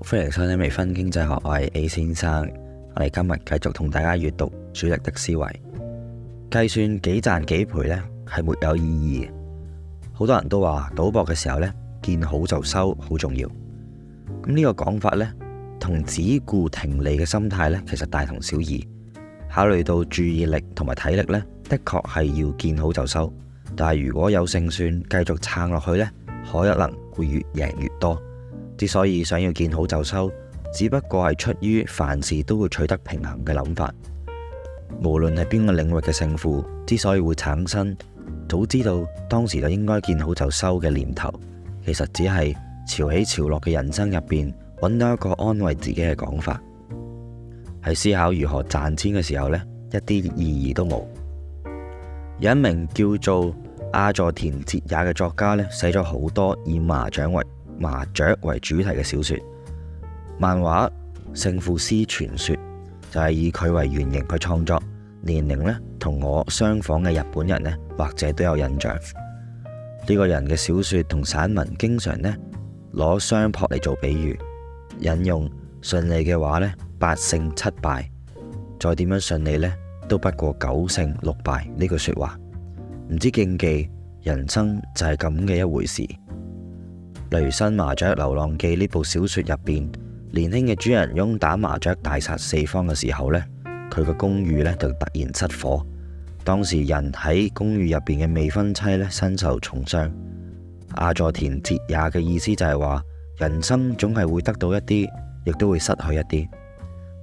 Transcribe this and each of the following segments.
歡迎收聽微醺經濟學，我係 A 先生。我哋今日繼續同大家閱讀主力的思維。計算幾賺幾賠呢係沒有意義。好多人都話賭博嘅時候呢，見好就收好重要。咁、這、呢個講法呢，同只顧停利嘅心態呢，其實大同小異。考慮到注意力同埋體力呢，的確係要見好就收。但係如果有勝算，繼續撐落去呢，可能會越贏越多。之所以想要見好就收，只不過係出於凡事都會取得平衡嘅諗法。無論係邊個領域嘅勝負，之所以會產生，早知道當時就應該見好就收嘅念頭，其實只係潮起潮落嘅人生入邊，揾到一個安慰自己嘅講法。喺思考如何賺錢嘅時候呢，一啲意義都冇。有一名叫做阿佐田哲也嘅作家呢，寫咗好多以麻雀為麻雀為主題嘅小說、漫畫《勝負師傳說》，就係、是、以佢為原型去創作。年齡呢，同我相仿嘅日本人呢，或者都有印象。呢、這個人嘅小說同散文，經常呢，攞雙撲嚟做比喻，引用：「順利嘅話呢，「八勝七敗，再點樣順利呢，都不過九勝六敗」呢句說話。唔知競技人生就係咁嘅一回事。例如《新麻雀流浪記》呢部小說入邊，年輕嘅主人翁打麻雀大殺四方嘅時候呢，佢個公寓呢就突然失火，當時人喺公寓入邊嘅未婚妻呢身受重傷。阿座田哲也嘅意思就係話，人生總係會得到一啲，亦都會失去一啲，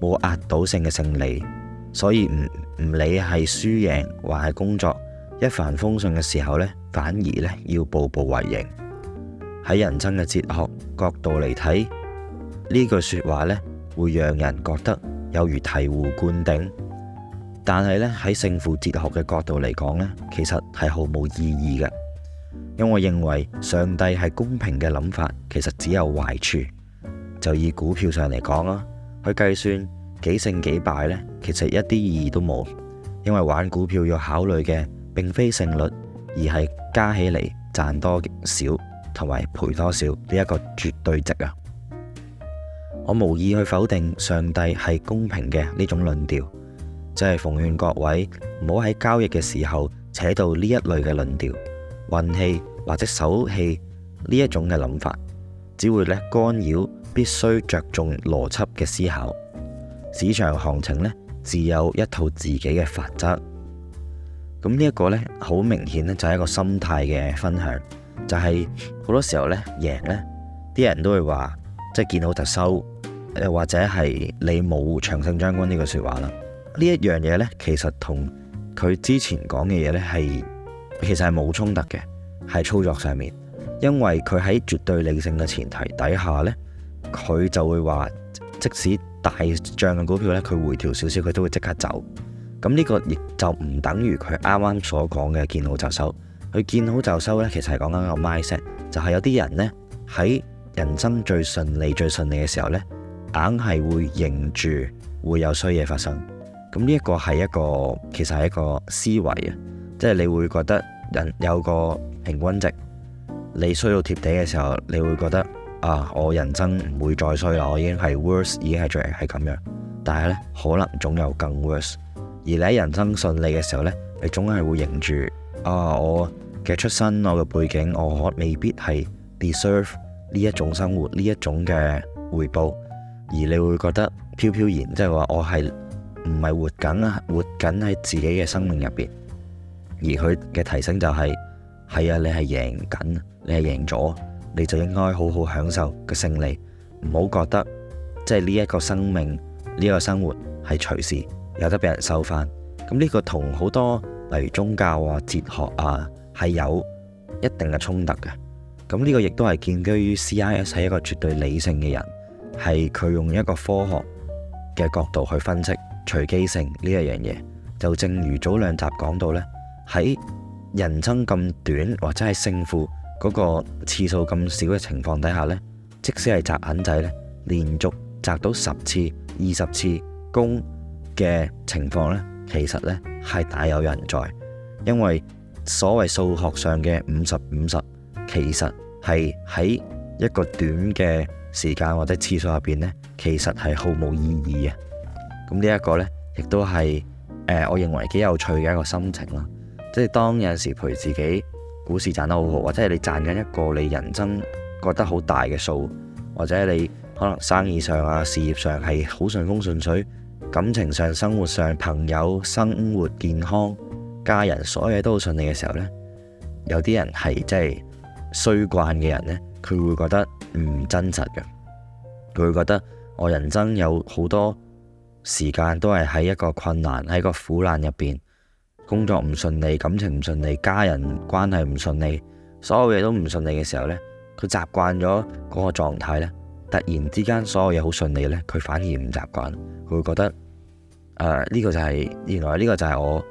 冇壓倒性嘅勝利，所以唔唔理係輸贏或係工作一帆風順嘅時候呢，反而呢要步步為營。喺人生嘅哲學角度嚟睇，呢句說話咧，會讓人覺得有如醍醐灌頂。但係咧，喺勝負哲學嘅角度嚟講呢，其實係毫無意義嘅。因為我認為上帝係公平嘅諗法，其實只有壞處。就以股票上嚟講啦，去計算幾勝幾敗呢，其實一啲意義都冇，因為玩股票要考慮嘅並非勝率，而係加起嚟賺多少。同埋賠多少呢一個絕對值啊！我無意去否定上帝係公平嘅呢種論調，就係奉勸各位唔好喺交易嘅時候扯到呢一類嘅論調、運氣或者手氣呢一種嘅諗法，只會咧干擾必須着重邏輯嘅思考。市場行情呢，自有一套自己嘅法則。咁呢一個呢，好明顯呢，就係一個心態嘅分享。就係好多時候呢，贏呢啲人都會話即係見好就收，又或者係你冇長勝將軍呢句説話啦。呢一樣嘢呢，其實同佢之前講嘅嘢呢係其實係冇衝突嘅，係操作上面，因為佢喺絕對理性嘅前提底下呢，佢就會話即使大漲嘅股票呢，佢回調少少，佢都會即刻走。咁呢個亦就唔等於佢啱啱所講嘅見好就收。佢見好就收呢，其實係講緊個 mindset，就係有啲人呢，喺人生最順利、最順利嘅時候呢，硬係會諗住會有衰嘢發生。咁呢一個係一個其實係一個思維啊，即係你會覺得人有個平均值，你衰到貼地嘅時候，你會覺得啊，我人生唔會再衰啦，我已經係 worse，已經係最係咁樣。但係呢，可能總有更 worse。而你喺人生順利嘅時候呢，你總係會諗住。啊！我嘅出身，我嘅背景，我可未必係 deserve 呢一種生活，呢一種嘅回報。而你會覺得飄飄然，即係話我係唔係活緊啊？活緊喺自己嘅生命入邊。而佢嘅提醒就係、是：係啊，你係贏緊，你係贏咗，你就應該好好享受個勝利，唔好覺得即係呢一個生命，呢、這、一個生活係隨時有得俾人收翻。咁呢個同好多。例如宗教啊、哲學啊，係有一定嘅衝突嘅。咁呢個亦都係建基於 CIS 係一個絕對理性嘅人，係佢用一個科學嘅角度去分析隨機性呢一樣嘢。就正如早兩集講到呢，喺人生咁短或者係勝負嗰個次數咁少嘅情況底下呢，即使係擲硬仔呢，連續擲到十次、二十次公嘅情況咧。其實咧，係大有人在，因為所謂數學上嘅五十五十，50，其實係喺一個短嘅時間或者次數入邊咧，其實係毫無意義嘅。咁、這個、呢一個咧，亦都係誒，我認為幾有趣嘅一個心情啦。即係當有陣時陪自己股市賺得好好，或者係你賺緊一個你人生覺得好大嘅數，或者你可能生意上啊、事業上係好順風順水。感情上、生活上、朋友、生活健康、家人，所有嘢都好順利嘅時候呢，有啲人係即係衰慣嘅人呢，佢會覺得唔真實嘅。佢會覺得我人生有好多時間都係喺一個困難，喺個苦難入邊，工作唔順利、感情唔順利、家人關係唔順利，所有嘢都唔順利嘅時候呢，佢習慣咗嗰個狀態呢突然之間，所有嘢好順利呢，佢反而唔習慣，佢會覺得，誒、呃、呢、呢個就係、係、原來呢個就係我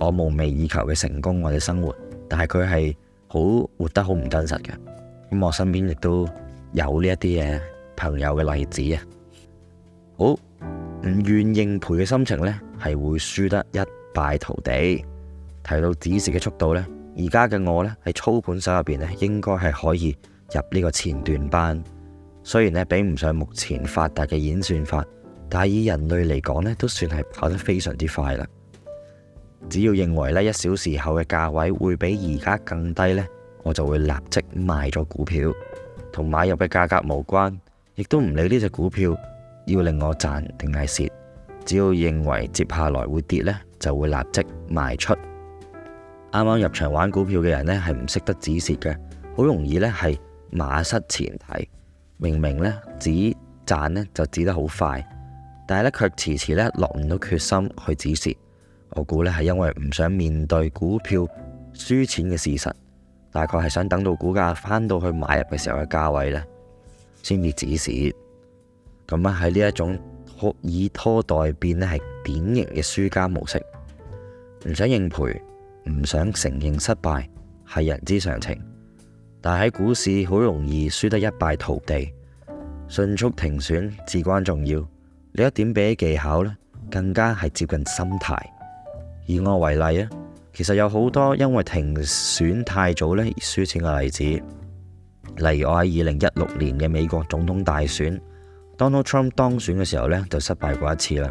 我夢寐以求嘅成功，我哋生活，但係佢係好活得好唔真實嘅。咁我身邊亦都有呢一啲嘢朋友嘅例子啊。好唔願認賠嘅心情呢，係會輸得一敗塗地。提到止蝕嘅速度呢，而家嘅我呢，喺操盤手入邊呢，應該係可以入呢個前段班。雖然咧比唔上目前發達嘅演算法，但係以人類嚟講咧都算係跑得非常之快啦。只要認為咧一小時後嘅價位會比而家更低呢，我就會立即賣咗股票，同買入嘅價格無關，亦都唔理呢隻股票要令我賺定係蝕。只要認為接下來會跌呢，就會立即賣出。啱啱入場玩股票嘅人咧係唔識得止蝕嘅，好容易咧係馬失前蹄。明明咧止賺咧就止得好快，但係咧卻遲遲咧落唔到決心去止蝕。我估咧係因為唔想面對股票輸錢嘅事實，大概係想等到股價翻到去買入嘅時候嘅價位咧，先至止蝕。咁啊喺呢一種拖以拖待變咧係典型嘅輸家模式，唔想認賠，唔想承認失敗，係人之常情。但喺股市好容易輸得一敗塗地，迅速停損至關重要。呢一點比起技巧呢更加係接近心態。以我為例啊，其實有好多因為停損太早呢而輸錢嘅例子。例如我喺二零一六年嘅美國總統大選，Donald Trump 當選嘅時候呢，就失敗過一次啦。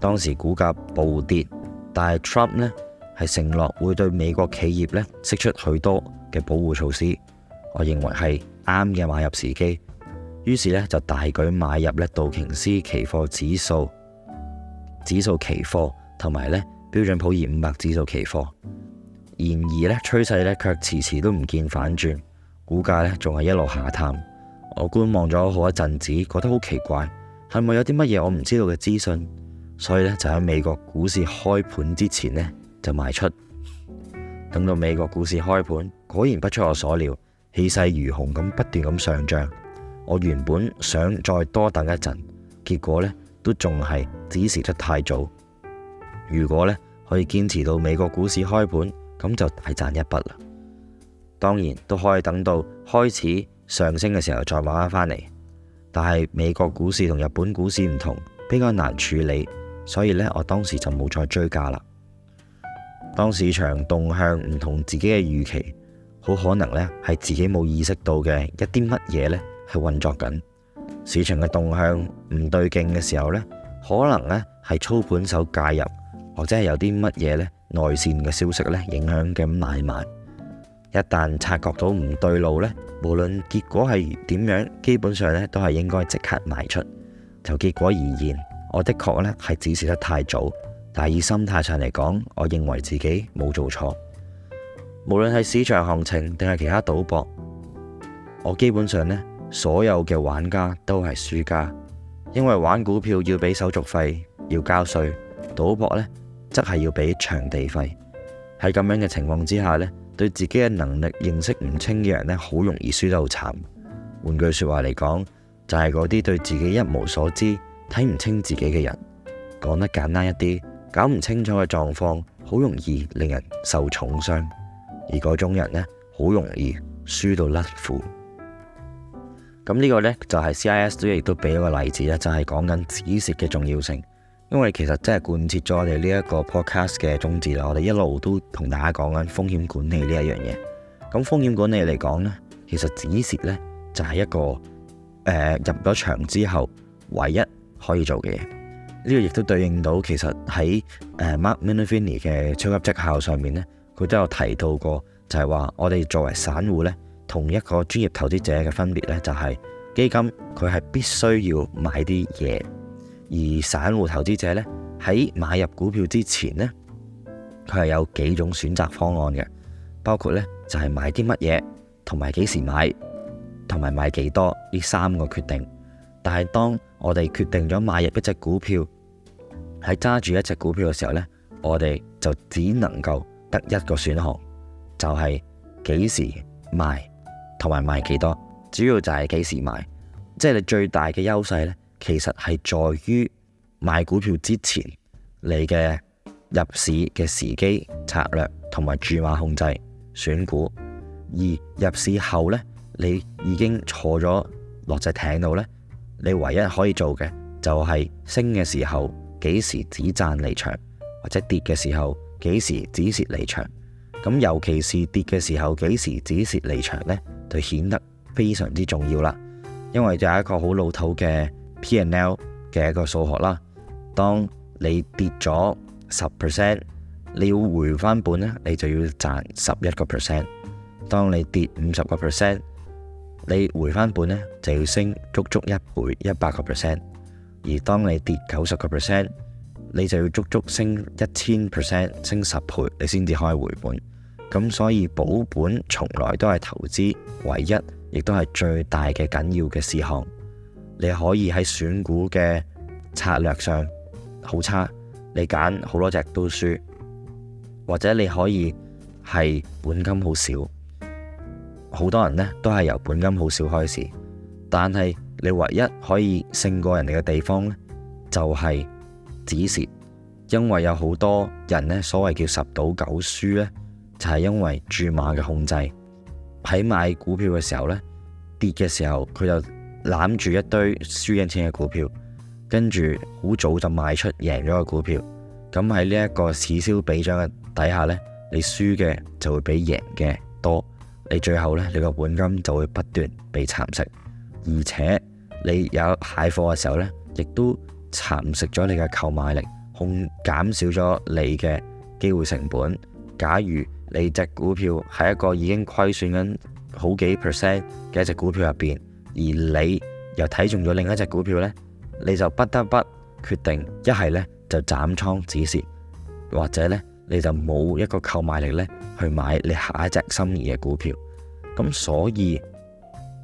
當時股價暴跌，但係 Trump 呢係承諾會對美國企業呢釋出許多嘅保護措施，我認為係啱嘅買入時機，於是呢，就大舉買入呢道瓊斯期貨指數、指數期貨同埋呢標準普爾五百指數期貨。然而呢，趨勢呢卻遲遲都唔見反轉，股價呢仲係一路下探。我觀望咗好一陣子，覺得好奇怪，係咪有啲乜嘢我唔知道嘅資訊？所以呢，就喺美國股市開盤之前呢，就賣出，等到美國股市開盤。果然不出我所料，氣勢如虹咁不斷咁上漲。我原本想再多等一陣，結果呢都仲係指示得太早。如果呢可以堅持到美國股市開盤，咁就大賺一筆啦。當然都可以等到開始上升嘅時候再慢慢返嚟，但係美國股市同日本股市唔同，比較難處理，所以呢，我當時就冇再追加啦。當市場動向唔同自己嘅預期。好可能呢，係自己冇意識到嘅一啲乜嘢呢？係運作緊市場嘅動向唔對勁嘅時候呢，可能呢係操盤手介入，或者係有啲乜嘢呢內線嘅消息呢影響緊買賣。一旦察覺到唔對路呢，無論結果係點樣，基本上呢都係應該即刻賣出。就結果而言，我的確呢係指示得太早，但以心態上嚟講，我認為自己冇做錯。無論係市場行情定係其他賭博，我基本上呢，所有嘅玩家都係輸家，因為玩股票要俾手續費，要交稅；賭博呢，則係要俾場地費。喺咁樣嘅情況之下呢，對自己嘅能力認識唔清嘅人呢，好容易輸得好慘。換句說話嚟講，就係嗰啲對自己一無所知、睇唔清自己嘅人。講得簡單一啲，搞唔清楚嘅狀況，好容易令人受重傷。而嗰種人呢，好容易輸到甩褲。咁呢個呢，就係、是、CIS 都亦都俾一個例子咧，就係、是、講緊止蝕嘅重要性。因為其實真係貫徹咗我哋呢一個 podcast 嘅宗旨啦。我哋一路都同大家講緊風險管理呢一樣嘢。咁風險管理嚟講呢，其實止蝕呢，就係、是、一個誒、呃、入咗場之後唯一可以做嘅嘢。呢、這個亦都對應到其實喺誒 Mark Minervini 嘅超級績效上面呢。佢都有提到過，就係話我哋作為散戶呢，同一個專業投資者嘅分別呢，就係基金佢係必須要買啲嘢，而散戶投資者呢，喺買入股票之前呢，佢係有幾種選擇方案嘅，包括呢就係買啲乜嘢，同埋幾時買，同埋買幾多呢三個決定。但係當我哋決定咗買入一隻股票，喺揸住一隻股票嘅時候呢，我哋就只能夠得一個選項就係幾時賣，同埋賣幾多，主要就係幾時賣。即係你最大嘅優勢呢，其實係在於買股票之前你嘅入市嘅時機策略同埋注碼控制選股，而入市後呢，你已經坐咗落隻艇度呢，你唯一可以做嘅就係升嘅時候幾時止賺離場，或者跌嘅時候，幾時止蝕離場？咁尤其是跌嘅時候，幾時止蝕離場呢？就顯得非常之重要啦。因為有一個好老土嘅 P&L 嘅一個數學啦。當你跌咗十 percent，你要回翻本呢，你就要賺十一個 percent。當你跌五十個 percent，你回翻本呢，就要升足足一倍，一百個 percent。而當你跌九十個 percent，你就要足足升一千 percent，升十倍，你先至可以回本。咁所以保本從來都係投資唯一，亦都係最大嘅緊要嘅事項。你可以喺選股嘅策略上好差，你揀好多隻都輸，或者你可以係本金好少。好多人呢都係由本金好少開始，但係你唯一可以勝過人哋嘅地方呢，就係、是。止蝕，因為有好多人呢，所謂叫十賭九輸呢，就係、是、因為注碼嘅控制。喺買股票嘅時候呢，跌嘅時候佢就攬住一堆輸緊錢嘅股票，跟住好早就賣出贏咗嘅股票。咁喺呢一個此消彼長嘅底下呢，你輸嘅就會比贏嘅多，你最後呢，你個本金就會不斷被蠶食，而且你有蟹貨嘅時候呢，亦都。蠶食咗你嘅購買力，控減少咗你嘅機會成本。假如你隻股票係一個已經虧損緊好幾 percent 嘅一隻股票入邊，而你又睇中咗另一隻股票呢，你就不得不決定一係呢就斬倉止蝕，或者呢你就冇一個購買力呢去買你下一隻心儀嘅股票。咁所以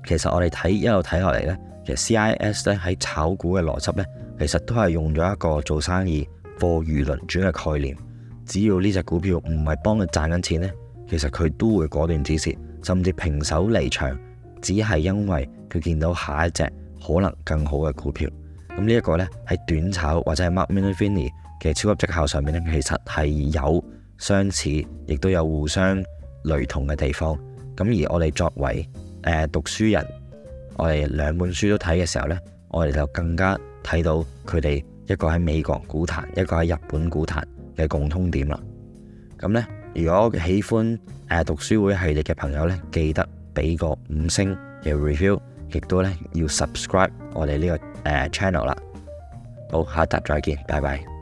其實我哋睇一路睇落嚟呢，其實 CIS 咧喺炒股嘅邏輯呢。其實都係用咗一個做生意貨如輪轉嘅概念，只要呢隻股票唔係幫佢賺緊錢呢，其實佢都會果斷止蝕，甚至平手離場，只係因為佢見到下一隻可能更好嘅股票。咁呢一個呢，係短炒或者係 margin trading 嘅超級績效上面呢，其實係有相似，亦都有互相雷同嘅地方。咁而我哋作為誒、呃、讀書人，我哋兩本書都睇嘅時候呢，我哋就更加，睇到佢哋一個喺美國股壇，一個喺日本股壇嘅共通點啦。咁呢，如果喜歡誒讀書會系列嘅朋友呢，記得俾個五星嘅 review，亦都呢要 subscribe 我哋呢個 channel 啦。好，下一集再見，拜拜。